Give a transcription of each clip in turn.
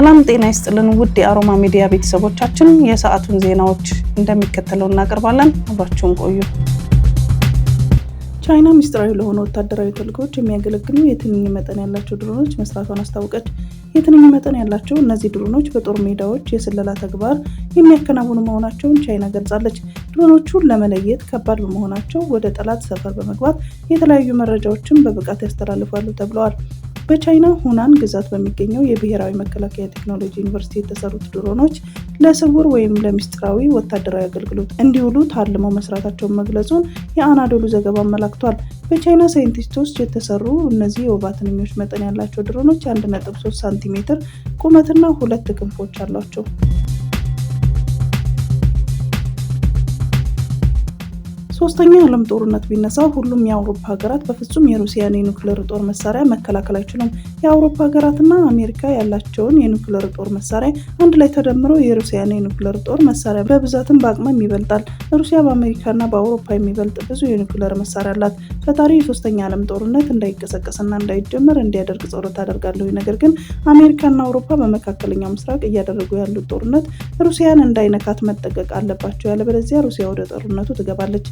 ሰላም ጤና ይስጥልን ውድ የአሮማ ሚዲያ ቤተሰቦቻችን፣ የሰዓቱን ዜናዎች እንደሚከተለው እናቀርባለን። አብራችሁን ቆዩ። ቻይና ሚስጥራዊ ለሆኑ ወታደራዊ ተልእኮዎች የሚያገለግሉ የትንኝ መጠን ያላቸው ድሮኖች መስራቷን አስታወቀች። የትንኝ መጠን ያላቸው እነዚህ ድሮኖች በጦር ሜዳዎች የስለላ ተግባር የሚያከናውኑ መሆናቸውን ቻይና ገልጻለች። ድሮኖቹን ለመለየት ከባድ በመሆናቸው ወደ ጠላት ሰፈር በመግባት የተለያዩ መረጃዎችን በብቃት ያስተላልፋሉ ተብለዋል። በቻይና ሁናን ግዛት በሚገኘው የብሔራዊ መከላከያ ቴክኖሎጂ ዩኒቨርሲቲ የተሰሩት ድሮኖች ለስውር ወይም ለሚስጥራዊ ወታደራዊ አገልግሎት እንዲውሉ ታልመው መስራታቸውን መግለጹን የአናዶሉ ዘገባ አመላክቷል። በቻይና ሳይንቲስቶች የተሰሩ እነዚህ የወባ ትንኞች መጠን ያላቸው ድሮኖች 1.3 ሳንቲሜትር ቁመትና ሁለት ክንፎች አሏቸው። ሶስተኛ የዓለም ጦርነት ቢነሳ ሁሉም የአውሮፓ ሀገራት በፍጹም የሩሲያን የኒክሌር ጦር መሳሪያ መከላከል አይችሉም። የአውሮፓ ሀገራትና አሜሪካ ያላቸውን የኒክሌር ጦር መሳሪያ አንድ ላይ ተደምሮ የሩሲያን የኒክሌር ጦር መሳሪያ በብዛትም በአቅመም ይበልጣል። ሩሲያ በአሜሪካና በአውሮፓ የሚበልጥ ብዙ የኒክሌር መሳሪያ አላት። ፈጣሪ የሶስተኛ ዓለም ጦርነት እንዳይቀሰቀስና እንዳይጀመር እንዲያደርግ ጸሎት አደርጋለሁ። ነገር ግን አሜሪካና አውሮፓ በመካከለኛው ምስራቅ እያደረጉ ያሉት ጦርነት ሩሲያን እንዳይነካት መጠቀቅ አለባቸው። ያለበለዚያ ሩሲያ ወደ ጦርነቱ ትገባለች።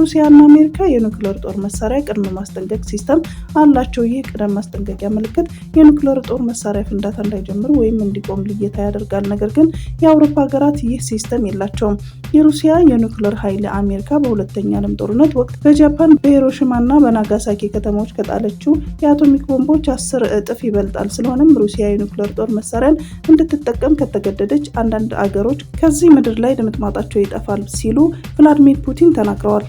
ሩሲያና አሜሪካ የኒውክሌር ጦር መሳሪያ ቅድመ ማስጠንቀቅ ሲስተም አላቸው። ይህ ቅድመ ማስጠንቀቂያ ምልክት የኒውክሌር ጦር መሳሪያ ፍንዳታ እንዳይጀምር ወይም እንዲቆም ልየታ ያደርጋል። ነገር ግን የአውሮፓ ሀገራት ይህ ሲስተም የላቸውም። የሩሲያ የኒውክሌር ኃይል አሜሪካ በሁለተኛ ዓለም ጦርነት ወቅት በጃፓን በሂሮሺማና በናጋሳኪ ከተሞች ከጣለችው የአቶሚክ ቦምቦች አስር እጥፍ ይበልጣል። ስለሆነም ሩሲያ የኒውክሌር ጦር መሳሪያን እንድትጠቀም ከተገደደች አንዳንድ አገሮች ከዚህ ምድር ላይ ድምጥማጣቸው ይጠፋል ሲሉ ቭላድሚር ፑቲን ተናግረዋል።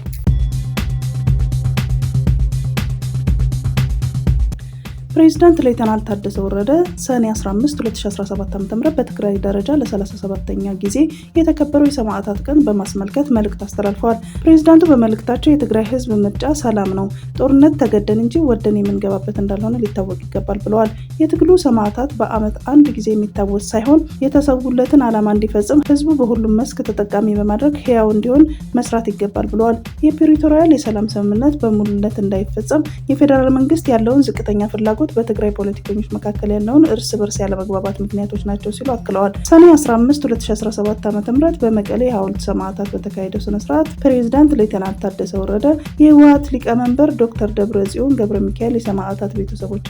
ፕሬዚዳንት ሌተናል ታደሰ ወረደ ሰኔ 15 2017 ዓ.ም በትግራይ ደረጃ ለ37ኛ ጊዜ የተከበረው የሰማዕታት ቀን በማስመልከት መልእክት አስተላልፈዋል። ፕሬዚዳንቱ በመልእክታቸው የትግራይ ሕዝብ ምርጫ ሰላም ነው፣ ጦርነት ተገደን እንጂ ወደን የምንገባበት እንዳልሆነ ሊታወቅ ይገባል ብለዋል። የትግሉ ሰማዕታት በዓመት አንድ ጊዜ የሚታወስ ሳይሆን የተሰውለትን ዓላማ እንዲፈጽም ሕዝቡ በሁሉም መስክ ተጠቃሚ በማድረግ ሕያው እንዲሆን መስራት ይገባል ብለዋል። የፕሪቶሪያል የሰላም ስምምነት በሙሉነት እንዳይፈጸም የፌዴራል መንግስት ያለውን ዝቅተኛ ፍላጎት ያደረጉት በትግራይ ፖለቲከኞች መካከል ያለውን እርስ በርስ ያለመግባባት ምክንያቶች ናቸው ሲሉ አክለዋል። ሰኔ 15 2017 ዓ ም በመቀሌ የሐውልት ሰማዕታት በተካሄደው ስነስርዓት ፕሬዚዳንት ሌተናንት ታደሰ ወረደ፣ የህወሀት ሊቀመንበር ዶክተር ደብረ ጽዮን ገብረ ሚካኤል፣ የሰማዕታት ቤተሰቦች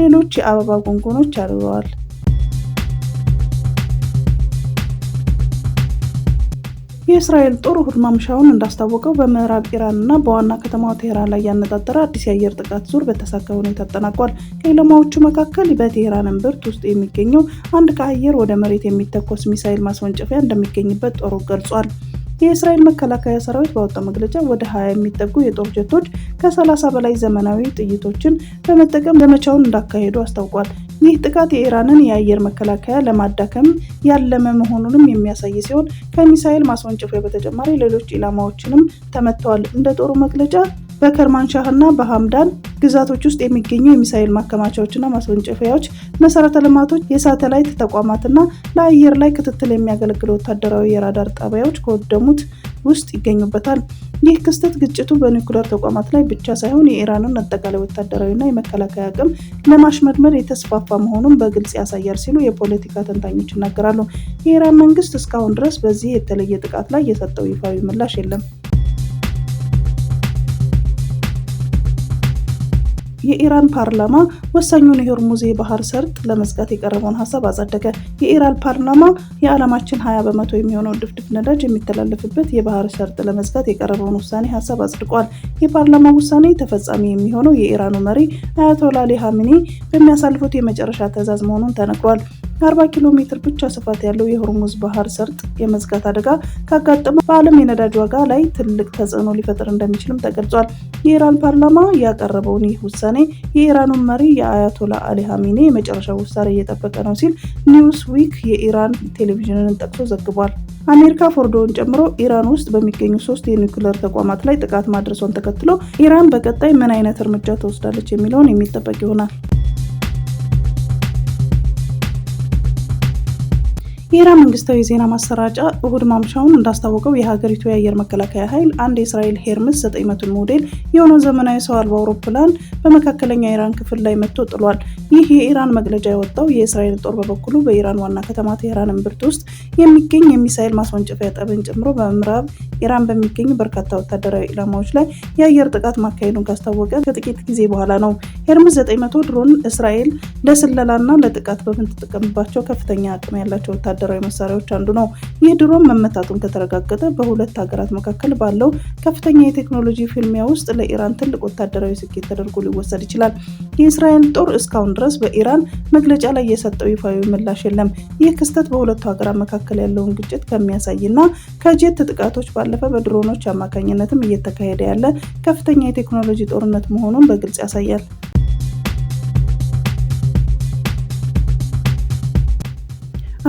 ሌሎች የአበባ ጎንጎኖች አድርገዋል። የእስራኤል ጦር እሁድ ማምሻውን እንዳስታወቀው በምዕራብ ኢራን እና በዋና ከተማዋ ቴህራን ላይ ያነጣጠረ አዲስ የአየር ጥቃት ዙር በተሳካ ሁኔታ አጠናቋል። ከኢላማዎቹ መካከል በቴህራን እምብርት ውስጥ የሚገኘው አንድ ከአየር ወደ መሬት የሚተኮስ ሚሳይል ማስወንጨፊያ እንደሚገኝበት ጦሩ ገልጿል። የእስራኤል መከላከያ ሰራዊት ባወጣው መግለጫ ወደ 20 የሚጠጉ የጦር ጀቶች ከ ከ30 በላይ ዘመናዊ ጥይቶችን በመጠቀም ዘመቻውን እንዳካሄዱ አስታውቋል። ይህ ጥቃት የኢራንን የአየር መከላከያ ለማዳከም ያለመ መሆኑንም የሚያሳይ ሲሆን ከሚሳኤል ማስወንጨፊያ በተጨማሪ ሌሎች ኢላማዎችንም ተመተዋል። እንደ ጦሩ መግለጫ በከርማንሻህ እና በሀምዳን ግዛቶች ውስጥ የሚገኙ የሚሳኤል ማከማቻዎችና ማስወንጨፊያዎች፣ መሰረተ ልማቶች፣ የሳተላይት ተቋማትና ለአየር ላይ ክትትል የሚያገለግሉ ወታደራዊ የራዳር ጣቢያዎች ከወደሙት ውስጥ ይገኙበታል። ይህ ክስተት ግጭቱ በኒውክሌር ተቋማት ላይ ብቻ ሳይሆን የኢራንን አጠቃላይ ወታደራዊና የመከላከያ አቅም ለማሽመድመድ የተስፋፋ መሆኑን በግልጽ ያሳያል ሲሉ የፖለቲካ ተንታኞች ይናገራሉ። የኢራን መንግስት እስካሁን ድረስ በዚህ የተለየ ጥቃት ላይ የሰጠው ይፋዊ ምላሽ የለም። የኢራን ፓርላማ ወሳኙን የሆርሙዝ የባህር ሰርጥ ለመዝጋት የቀረበውን ሀሳብ አጸደቀ። የኢራን ፓርላማ የዓለማችን 20 በመቶ የሚሆነው ድፍድፍ ነዳጅ የሚተላለፍበት የባህር ሰርጥ ለመዝጋት የቀረበውን ውሳኔ ሀሳብ አጽድቋል። የፓርላማው ውሳኔ ተፈጻሚ የሚሆነው የኢራኑ መሪ አያቶላ አሊ ሀሚኒ በሚያሳልፉት የመጨረሻ ትዕዛዝ መሆኑን ተነግሯል። የ40 ኪሎ ሜትር ብቻ ስፋት ያለው የሆርሙዝ ባህር ሰርጥ የመዝጋት አደጋ ካጋጠመ በዓለም የነዳጅ ዋጋ ላይ ትልቅ ተጽዕኖ ሊፈጥር እንደሚችልም ተገልጿል። የኢራን ፓርላማ ያቀረበውን ይህ ውሳኔ የኢራኑን መሪ የአያቶላ አሊ ሀሚኔ የመጨረሻ ውሳኔ እየጠበቀ ነው ሲል ኒውስ ዊክ የኢራን ቴሌቪዥንን ጠቅሶ ዘግቧል። አሜሪካ ፎርዶውን ጨምሮ ኢራን ውስጥ በሚገኙ ሶስት የኒውክለር ተቋማት ላይ ጥቃት ማድረሷን ተከትሎ ኢራን በቀጣይ ምን አይነት እርምጃ ተወስዳለች የሚለውን የሚጠበቅ ይሆናል። ብሔራዊ መንግስታዊ የዜና ማሰራጫ እሁድ ማምሻውን እንዳስታወቀው የሀገሪቱ የአየር መከላከያ ኃይል አንድ የእስራኤል ሄርምስ 900 ሞዴል የሆነው ዘመናዊ ሰው አልባ አውሮፕላን በመካከለኛ ኢራን ክፍል ላይ መጥቶ ጥሏል። ይህ የኢራን መግለጫ የወጣው የእስራኤል ጦር በበኩሉ በኢራን ዋና ከተማ ቴህራን እምብርት ውስጥ የሚገኝ የሚሳኤል ማስወንጨፊያ ጠብን ጨምሮ በምዕራብ ኢራን በሚገኙ በርካታ ወታደራዊ ኢላማዎች ላይ የአየር ጥቃት ማካሄዱን ካስታወቀ ከጥቂት ጊዜ በኋላ ነው። ሄርምስ 900 ድሮን እስራኤል ለስለላና ለጥቃት በምትጠቀምባቸው ከፍተኛ አቅም ያላቸው ወታደ ወታደራዊ መሳሪያዎች አንዱ ነው። ይህ ድሮን መመታቱን ከተረጋገጠ በሁለት ሀገራት መካከል ባለው ከፍተኛ የቴክኖሎጂ ፍልሚያ ውስጥ ለኢራን ትልቅ ወታደራዊ ስኬት ተደርጎ ሊወሰድ ይችላል። የእስራኤል ጦር እስካሁን ድረስ በኢራን መግለጫ ላይ የሰጠው ይፋዊ ምላሽ የለም። ይህ ክስተት በሁለቱ ሀገራት መካከል ያለውን ግጭት ከሚያሳይና ከጀት ጥቃቶች ባለፈ በድሮኖች አማካኝነትም እየተካሄደ ያለ ከፍተኛ የቴክኖሎጂ ጦርነት መሆኑን በግልጽ ያሳያል።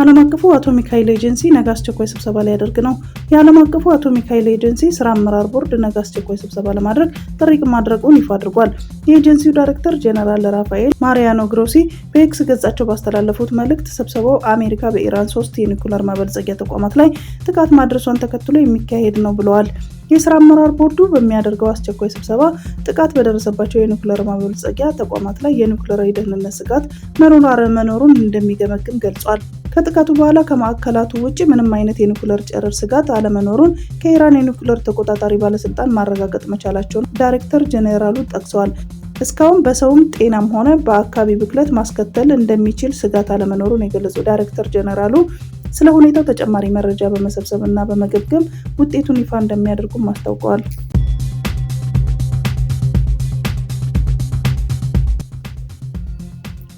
ዓለም አቀፉ አቶሚክ ኃይል ኤጀንሲ ነገ አስቸኳይ ስብሰባ ሊያደርግ ነው። የዓለም አቀፉ አቶሚክ ኃይል ኤጀንሲ ስራ አመራር ቦርድ ነገ አስቸኳይ ስብሰባ ለማድረግ ጥሪ ማድረጉን ይፋ አድርጓል። የኤጀንሲው ዳይሬክተር ጀነራል ራፋኤል ማሪያኖ ግሮሲ በኤክስ ገጻቸው ባስተላለፉት መልእክት ስብሰባው አሜሪካ በኢራን ሶስት የኒኩለር ማበልጸጊያ ተቋማት ላይ ጥቃት ማድረሷን ተከትሎ የሚካሄድ ነው ብለዋል። የስራ አመራር ቦርዱ በሚያደርገው አስቸኳይ ስብሰባ ጥቃት በደረሰባቸው የኒኩለር ማበልጸጊያ ተቋማት ላይ የኒኩለራዊ ደህንነት ስጋት መኖር አለመኖሩን እንደሚገመግም ገልጿል። ከጥቃቱ በኋላ ከማዕከላቱ ውጭ ምንም አይነት የኒኩለር ጨረር ስጋት አለመኖሩን ከኢራን የኒኩለር ተቆጣጣሪ ባለስልጣን ማረጋገጥ መቻላቸውን ዳይሬክተር ጄኔራሉ ጠቅሰዋል። እስካሁን በሰውም ጤናም ሆነ በአካባቢ ብክለት ማስከተል እንደሚችል ስጋት አለመኖሩን የገለጹ ዳይሬክተር ጄኔራሉ ስለ ሁኔታው ተጨማሪ መረጃ በመሰብሰብ እና በመገብገም ውጤቱን ይፋ እንደሚያደርጉም አስታውቀዋል።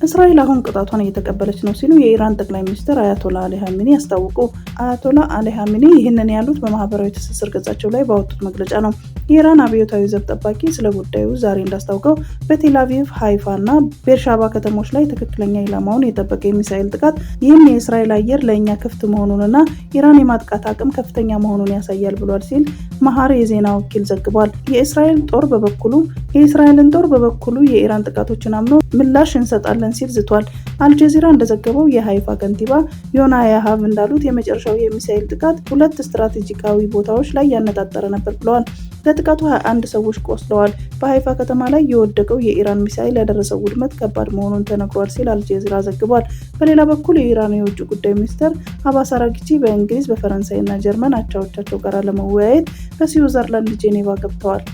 እስራኤል አሁን ቅጣቷን እየተቀበለች ነው ሲሉ የኢራን ጠቅላይ ሚኒስትር አያቶላ አሊ ሀሚኒ አስታወቁ። አያቶላ አሊ ሀሚኒ ይህንን ያሉት በማህበራዊ ትስስር ገጻቸው ላይ ባወጡት መግለጫ ነው። የኢራን አብዮታዊ ዘብ ጠባቂ ስለ ጉዳዩ ዛሬ እንዳስታውቀው በቴልአቪቭ፣ ሃይፋ እና ቤርሻባ ከተሞች ላይ ትክክለኛ ኢላማውን የጠበቀ የሚሳኤል ጥቃት ይህም የእስራኤል አየር ለእኛ ክፍት መሆኑንና ኢራን የማጥቃት አቅም ከፍተኛ መሆኑን ያሳያል ብሏል ሲል መሀር የዜና ወኪል ዘግቧል። የእስራኤል ጦር በበኩሉ የእስራኤልን ጦር በበኩሉ የኢራን ጥቃቶችን አምኖ ምላሽ እንሰጣለን ሲል ዝቷል። አልጀዚራ እንደዘገበው የሃይፋ ከንቲባ ዮና ያሃብ እንዳሉት የመጨረሻው የሚሳኤል ጥቃት ሁለት ስትራቴጂካዊ ቦታዎች ላይ ያነጣጠረ ነበር ብለዋል። ለጥቃቱ 21 ሰዎች ቆስለዋል። በሃይፋ ከተማ ላይ የወደቀው የኢራን ሚሳኤል ያደረሰው ውድመት ከባድ መሆኑን ተነግሯል ሲል አልጀዚራ ዘግቧል። በሌላ በኩል የኢራን የውጭ ጉዳይ ሚኒስትር አባስ አራግቺ በእንግሊዝ በፈረንሳይና ጀርመን አቻዎቻቸው ጋር ለመወያየት በስዊዘርላንድ ጄኔቫ ገብተዋል።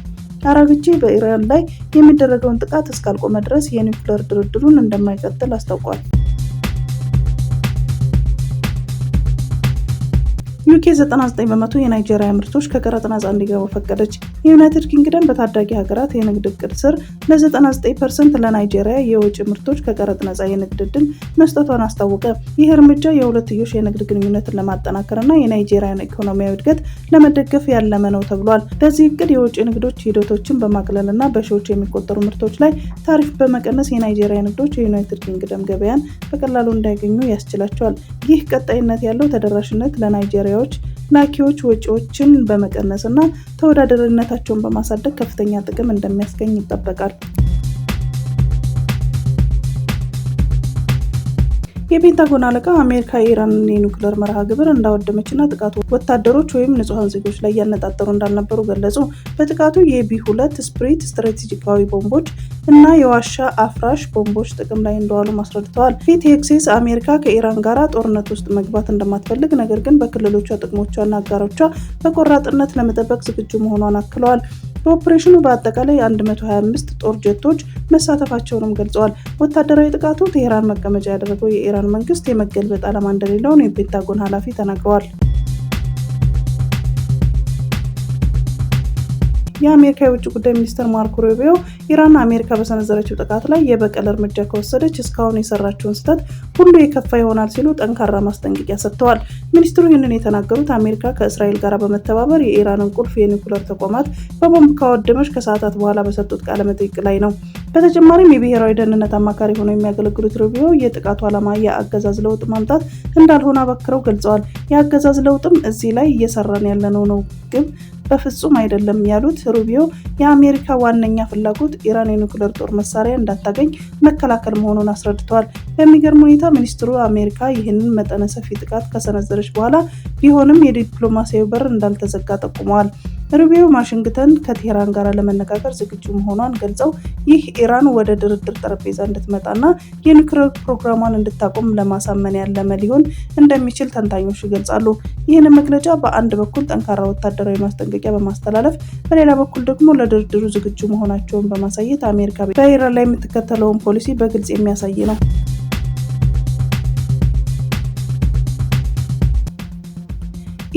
አራግቺ በኢራን ላይ የሚደረገውን ጥቃት እስካልቆመ ድረስ የኒውክሌር ድርድሩን እንደማይቀጥል አስታውቋል። ዩኬ 99 በመቶ የናይጄሪያ ምርቶች ከቀረጥ ነፃ እንዲገቡ ፈቀደች። የዩናይትድ ኪንግደም በታዳጊ ሀገራት የንግድ እቅድ ስር ለ99 ፐርሰንት ለናይጄሪያ የውጭ ምርቶች ከቀረጥ ነፃ የንግድ ድል መስጠቷን አስታወቀ። ይህ እርምጃ የሁለትዮሽ የንግድ ግንኙነትን ለማጠናከርና የናይጄሪያን ኢኮኖሚያዊ እድገት ለመደገፍ ያለመ ነው ተብሏል። ለዚህ እቅድ የውጭ ንግዶች ሂደቶችን በማቅለልና በሺዎች የሚቆጠሩ ምርቶች ላይ ታሪፍ በመቀነስ የናይጄሪያ ንግዶች የዩናይትድ ኪንግደም ገበያን በቀላሉ እንዳያገኙ ያስችላቸዋል። ይህ ቀጣይነት ያለው ተደራሽነት ለናይጄሪያ ገበያዎች ላኪዎች ወጪዎችን በመቀነስና ተወዳዳሪነታቸውን በማሳደግ ከፍተኛ ጥቅም እንደሚያስገኝ ይጠበቃል። የፔንታጎን አለቃ አሜሪካ የኢራንን የኒውክሌር መርሃ ግብር እንዳወደመችና ጥቃቱ ወታደሮች ወይም ንጹሐን ዜጎች ላይ ያነጣጠሩ እንዳልነበሩ ገለጹ። በጥቃቱ የቢ ሁለት ስፕሪት ስትራቴጂካዊ ቦምቦች እና የዋሻ አፍራሽ ቦምቦች ጥቅም ላይ እንደዋሉ አስረድተዋል። ፒት አሜሪካ ከኢራን ጋር ጦርነት ውስጥ መግባት እንደማትፈልግ ነገር ግን በክልሎቿ ጥቅሞቿና አጋሮቿ በቆራጥነት ለመጠበቅ ዝግጁ መሆኗን አክለዋል። በኦፕሬሽኑ በአጠቃላይ 125 ጦር ጀቶች መሳተፋቸውንም ገልጸዋል። ወታደራዊ ጥቃቱ ቴህራን መቀመጫ ያደረገው የኢራን መንግስት የመገልበጥ ዓላማ እንደሌለውን የፔንታጎን ኃላፊ ተናግረዋል። የአሜሪካ የውጭ ጉዳይ ሚኒስትር ማርኮ ሮቢዮ ኢራን አሜሪካ በሰነዘረችው ጥቃት ላይ የበቀል እርምጃ ከወሰደች እስካሁን የሰራችውን ስህተት ሁሉ የከፋ ይሆናል ሲሉ ጠንካራ ማስጠንቀቂያ ሰጥተዋል። ሚኒስትሩ ይህንን የተናገሩት አሜሪካ ከእስራኤል ጋር በመተባበር የኢራንን ቁልፍ የኒውክለር ተቋማት በቦምብ ካወደመች ከሰዓታት በኋላ በሰጡት ቃለ መጠይቅ ላይ ነው። በተጨማሪም የብሔራዊ ደህንነት አማካሪ ሆነው የሚያገለግሉት ሩቢዮ የጥቃቱ ዓላማ የአገዛዝ ለውጥ ማምጣት እንዳልሆነ አበክረው ገልጸዋል። የአገዛዝ ለውጥም እዚህ ላይ እየሰራን ያለነው ነው፣ ግብ በፍጹም አይደለም ያሉት ሩቢዮ የአሜሪካ ዋነኛ ፍላጎት ኢራን የኒውክለር ጦር መሳሪያ እንዳታገኝ መከላከል መሆኑን አስረድተዋል። በሚገርም ሁኔታ ሚኒስትሩ አሜሪካ ይህንን መጠነ ሰፊ ጥቃት ከሰነዘረች በኋላ ቢሆንም የዲፕሎማሲያዊ በር እንዳልተዘጋ ጠቁመዋል። ሩቢዮ ዋሽንግተን ከቴህራን ጋር ለመነጋገር ዝግጁ መሆኗን ገልጸው ይህ ኢራን ወደ ድርድር ጠረጴዛ እንድትመጣና የኒውክሌር ፕሮግራሟን እንድታቆም ለማሳመን ያለመ ሊሆን እንደሚችል ተንታኞች ይገልጻሉ። ይህን መግለጫ በአንድ በኩል ጠንካራ ወታደራዊ ማስጠንቀቂያ በማስተላለፍ በሌላ በኩል ደግሞ ለድርድሩ ዝግጁ መሆናቸውን በማሳየት አሜሪካ በኢራን ላይ የምትከተለውን ፖሊሲ በግልጽ የሚያሳይ ነው።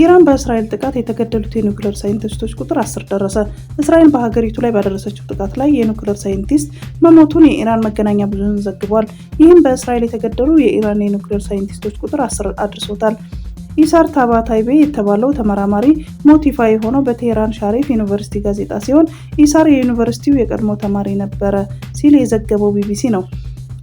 ኢራን በእስራኤል ጥቃት የተገደሉት የኒውክሌር ሳይንቲስቶች ቁጥር አስር ደረሰ። እስራኤል በሀገሪቱ ላይ ባደረሰችው ጥቃት ላይ የኒውክሌር ሳይንቲስት መሞቱን የኢራን መገናኛ ብዙን ዘግቧል። ይህም በእስራኤል የተገደሉ የኢራን የኒውክሌር ሳይንቲስቶች ቁጥር አስር አድርሶታል። ኢሳር ታባታይቤ የተባለው ተመራማሪ ሞት ይፋ የሆነው በቴህራን ሻሪፍ ዩኒቨርሲቲ ጋዜጣ ሲሆን ኢሳር የዩኒቨርሲቲው የቀድሞ ተማሪ ነበረ ሲል የዘገበው ቢቢሲ ነው።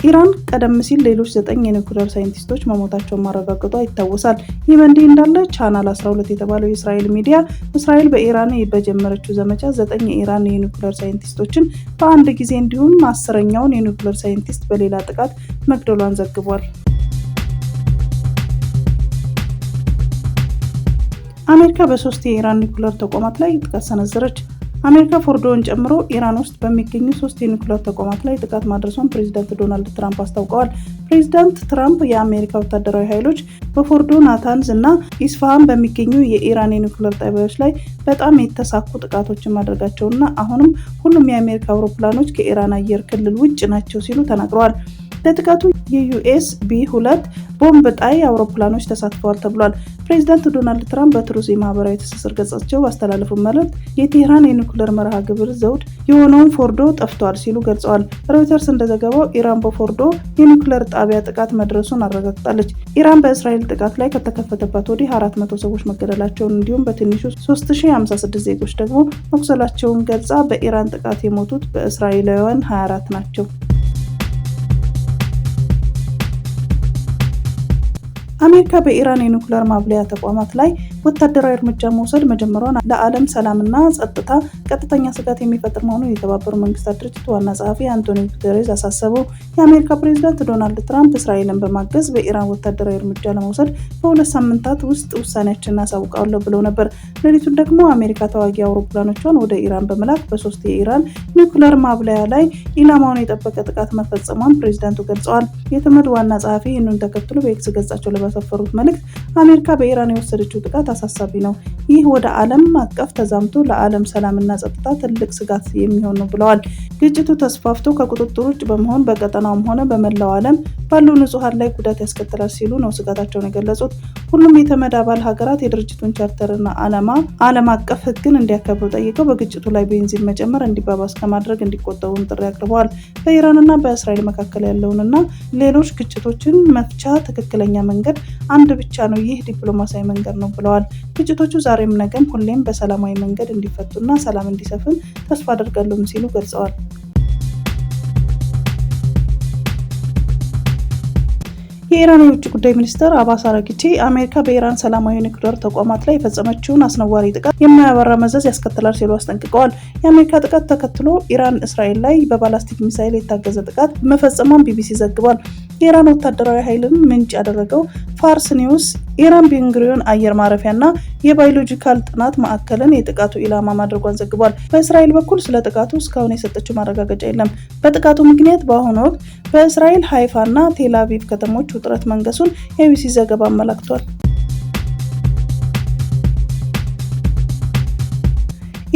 ኢራን ቀደም ሲል ሌሎች ዘጠኝ የኒኩሌር ሳይንቲስቶች መሞታቸውን ማረጋገጧ ይታወሳል። ይህ በእንዲህ እንዳለ ቻናል 12 የተባለው የእስራኤል ሚዲያ እስራኤል በኢራን በጀመረችው ዘመቻ ዘጠኝ የኢራን የኒኩሌር ሳይንቲስቶችን በአንድ ጊዜ እንዲሁም አስረኛውን የኒኩሌር ሳይንቲስት በሌላ ጥቃት መግደሏን ዘግቧል። አሜሪካ በሶስት የኢራን ኒኩሌር ተቋማት ላይ ጥቃት ሰነዘረች። አሜሪካ ፎርዶን ጨምሮ ኢራን ውስጥ በሚገኙ ሶስት የኒኩሌር ተቋማት ላይ ጥቃት ማድረሷን ፕሬዚዳንት ዶናልድ ትራምፕ አስታውቀዋል። ፕሬዚዳንት ትራምፕ የአሜሪካ ወታደራዊ ኃይሎች በፎርዶ፣ ናታንዝ እና ኢስፋሃን በሚገኙ የኢራን የኒኩሌር ጣቢያዎች ላይ በጣም የተሳኩ ጥቃቶችን ማድረጋቸውና አሁንም ሁሉም የአሜሪካ አውሮፕላኖች ከኢራን አየር ክልል ውጭ ናቸው ሲሉ ተናግረዋል። ለጥቃቱ የዩኤስ ቢ ሁለት ቦምብ ጣይ አውሮፕላኖች ተሳትፈዋል ተብሏል። ፕሬዚዳንት ዶናልድ ትራምፕ በትሩዝ የማህበራዊ ትስስር ገጻቸው ባስተላለፉ መልእክት የቴህራን የኒኩለር መርሃ ግብር ዘውድ የሆነውን ፎርዶ ጠፍቷል ሲሉ ገልጸዋል። ሮይተርስ እንደዘገባው ኢራን በፎርዶ የኒኩለር ጣቢያ ጥቃት መድረሱን አረጋግጣለች። ኢራን በእስራኤል ጥቃት ላይ ከተከፈተባት ወዲህ 400 ሰዎች መገደላቸውን እንዲሁም በትንሹ 3056 ዜጎች ደግሞ መቁሰላቸውን ገልጻ በኢራን ጥቃት የሞቱት በእስራኤላውያን 24 ናቸው። አሜሪካ በኢራን የኒውክሌር ማብለያ ተቋማት ላይ ወታደራዊ እርምጃ መውሰድ መጀመሯን ለዓለም ሰላምና ጸጥታ ቀጥተኛ ስጋት የሚፈጥር መሆኑን የተባበሩ መንግስታት ድርጅት ዋና ጸሐፊ አንቶኒ ጉተሬዝ አሳሰቡ። የአሜሪካ ፕሬዚዳንት ዶናልድ ትራምፕ እስራኤልን በማገዝ በኢራን ወታደራዊ እርምጃ ለመውሰድ በሁለት ሳምንታት ውስጥ ውሳኔያችንን አሳውቃለሁ ብለው ነበር። ሌሊቱን ደግሞ አሜሪካ ተዋጊ አውሮፕላኖቿን ወደ ኢራን በመላክ በሶስት የኢራን ኒውክለር ማብለያ ላይ ኢላማውን የጠበቀ ጥቃት መፈጸሟን ፕሬዚዳንቱ ገልጸዋል። የተመድ ዋና ጸሐፊ ይህንን ተከትሎ በኤክስ ገጻቸው ለመሰፈሩት መልእክት አሜሪካ በኢራን የወሰደችው ጥቃት አሳሳቢ ነው። ይህ ወደ ዓለም አቀፍ ተዛምቶ ለዓለም ሰላምና ጸጥታ ትልቅ ስጋት የሚሆን ነው ብለዋል። ግጭቱ ተስፋፍቶ ከቁጥጥር ውጭ በመሆን በቀጠናውም ሆነ በመላው ዓለም ባሉ ንጹሐን ላይ ጉዳት ያስከትላል ሲሉ ነው ስጋታቸውን የገለጹት። ሁሉም የተመድ አባል ሀገራት የድርጅቱን ቻርተርና ዓላማ ዓለም አቀፍ ሕግን እንዲያከብሩ ጠይቀው በግጭቱ ላይ ቤንዚን መጨመር እንዲባባስ ከማድረግ እንዲቆጠቡም ጥሪ አቅርበዋል። በኢራንና በእስራኤል መካከል ያለውንና ሌሎች ግጭቶችን መፍቻ ትክክለኛ መንገድ አንድ ብቻ ነው፣ ይህ ዲፕሎማሲያዊ መንገድ ነው ብለዋል። ተናግረዋል። ግጭቶቹ ዛሬም ነገም ሁሌም በሰላማዊ መንገድ እንዲፈቱና ሰላም እንዲሰፍን ተስፋ አደርጋለሁም ሲሉ ገልጸዋል። የኢራን የውጭ ጉዳይ ሚኒስትር አባስ አራግቺ አሜሪካ በኢራን ሰላማዊ ኒውክሌር ተቋማት ላይ የፈጸመችውን አስነዋሪ ጥቃት የማያበራ መዘዝ ያስከትላል ሲሉ አስጠንቅቀዋል። የአሜሪካ ጥቃት ተከትሎ ኢራን እስራኤል ላይ በባላስቲክ ሚሳይል የታገዘ ጥቃት መፈጸሟን ቢቢሲ ዘግቧል። የኢራን ወታደራዊ ኃይልን ምንጭ ያደረገው ፋርስ ኒውስ ኢራን ቤንጉሪዮን አየር ማረፊያና የባዮሎጂካል ጥናት ማዕከልን የጥቃቱ ኢላማ ማድረጓን ዘግቧል። በእስራኤል በኩል ስለ ጥቃቱ እስካሁን የሰጠችው ማረጋገጫ የለም። በጥቃቱ ምክንያት በአሁኑ ወቅት በእስራኤል ሀይፋና ቴል ቴላቪቭ ከተሞች ውጥረት መንገሱን የቢቢሲ ዘገባ አመላክቷል።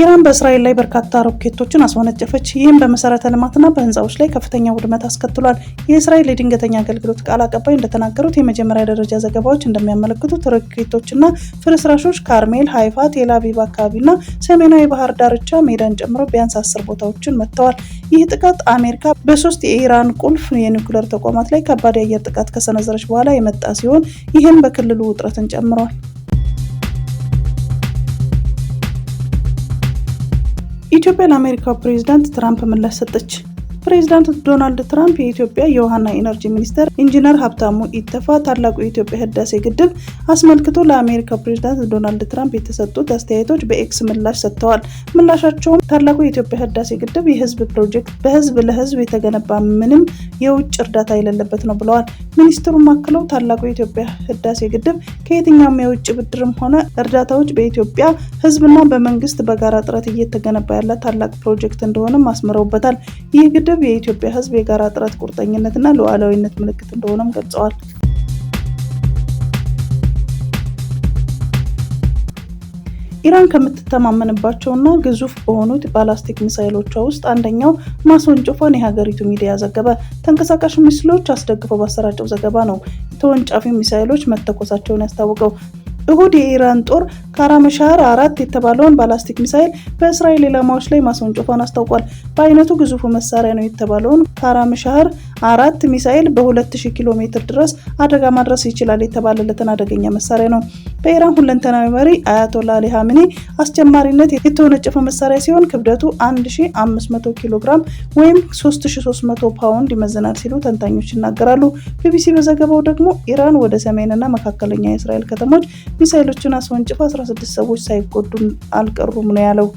ኢራን በእስራኤል ላይ በርካታ ሮኬቶችን አስወነጨፈች። ይህም በመሰረተ ልማትና በህንፃዎች ላይ ከፍተኛ ውድመት አስከትሏል። የእስራኤል የድንገተኛ አገልግሎት ቃል አቀባይ እንደተናገሩት የመጀመሪያ ደረጃ ዘገባዎች እንደሚያመለክቱት ሮኬቶችና ፍርስራሾች ካርሜል፣ ሃይፋ፣ አካባቢ አካባቢና ሰሜናዊ ባህር ዳርቻ ሜዳን ጨምሮ ቢያንስ አስር ቦታዎችን መጥተዋል። ይህ ጥቃት አሜሪካ በሶስት የኢራን ቁልፍ የኒውክለር ተቋማት ላይ ከባድ የአየር ጥቃት ከሰነዘረች በኋላ የመጣ ሲሆን ይህም በክልሉ ውጥረትን ጨምሯል። የኢትዮጵያ ለአሜሪካው ፕሬዚዳንት ትራምፕ ምላሽ ሰጠች። ፕሬዚዳንት ዶናልድ ትራምፕ የኢትዮጵያ የውሃና ኢነርጂ ሚኒስተር ኢንጂነር ሀብታሙ ኢተፋ ታላቁ የኢትዮጵያ ህዳሴ ግድብ አስመልክቶ ለአሜሪካ ፕሬዚዳንት ዶናልድ ትራምፕ የተሰጡት አስተያየቶች በኤክስ ምላሽ ሰጥተዋል። ምላሻቸውም ታላቁ የኢትዮጵያ ህዳሴ ግድብ የህዝብ ፕሮጀክት በህዝብ ለህዝብ የተገነባ ምንም የውጭ እርዳታ የሌለበት ነው ብለዋል። ሚኒስትሩም አክለው ታላቁ የኢትዮጵያ ህዳሴ ግድብ ከየትኛውም የውጭ ብድርም ሆነ እርዳታዎች በኢትዮጵያ ህዝብና በመንግስት በጋራ ጥረት እየተገነባ ያለ ታላቅ ፕሮጀክት እንደሆነም አስምረውበታል። ይህ ግድብ ማንበብ የኢትዮጵያ ሕዝብ የጋራ ጥረት ቁርጠኝነትና ሉዓላዊነት ምልክት እንደሆነም ገልጸዋል። ኢራን ከምትተማመንባቸውና ግዙፍ በሆኑት ባላስቲክ ሚሳይሎቿ ውስጥ አንደኛው ማስወንጨፏን የሀገሪቱ ሚዲያ ዘገበ። ተንቀሳቃሽ ምስሎች አስደግፈው ባሰራጨው ዘገባ ነው ተወንጫፊ ሚሳይሎች መተኮሳቸውን ያስታወቀው። እሁድ የኢራን ጦር ካራመሻር አራት የተባለውን ባላስቲክ ሚሳይል በእስራኤል ኢላማዎች ላይ ማስወንጨፏን አስታውቋል። በአይነቱ ግዙፉ መሳሪያ ነው የተባለውን ካራመሻር አራት ሚሳኤል በ2000 ኪሎ ሜትር ድረስ አደጋ ማድረስ ይችላል የተባለለትን አደገኛ መሳሪያ ነው። በኢራን ሁለንተናዊ መሪ አያቶላ አሊ ሀምኒ አስጀማሪነት የተወነጨፈ መሳሪያ ሲሆን ክብደቱ 1500 ኪሎ ግራም ወይም 3300 ፓውንድ ይመዝናል ሲሉ ተንታኞች ይናገራሉ። ቢቢሲ በዘገባው ደግሞ ኢራን ወደ ሰሜንና መካከለኛ የእስራኤል ከተሞች ሚሳይሎችን አስወንጭፋ 16 ሰዎች ሳይጎዱ አልቀሩም ነው ያለው።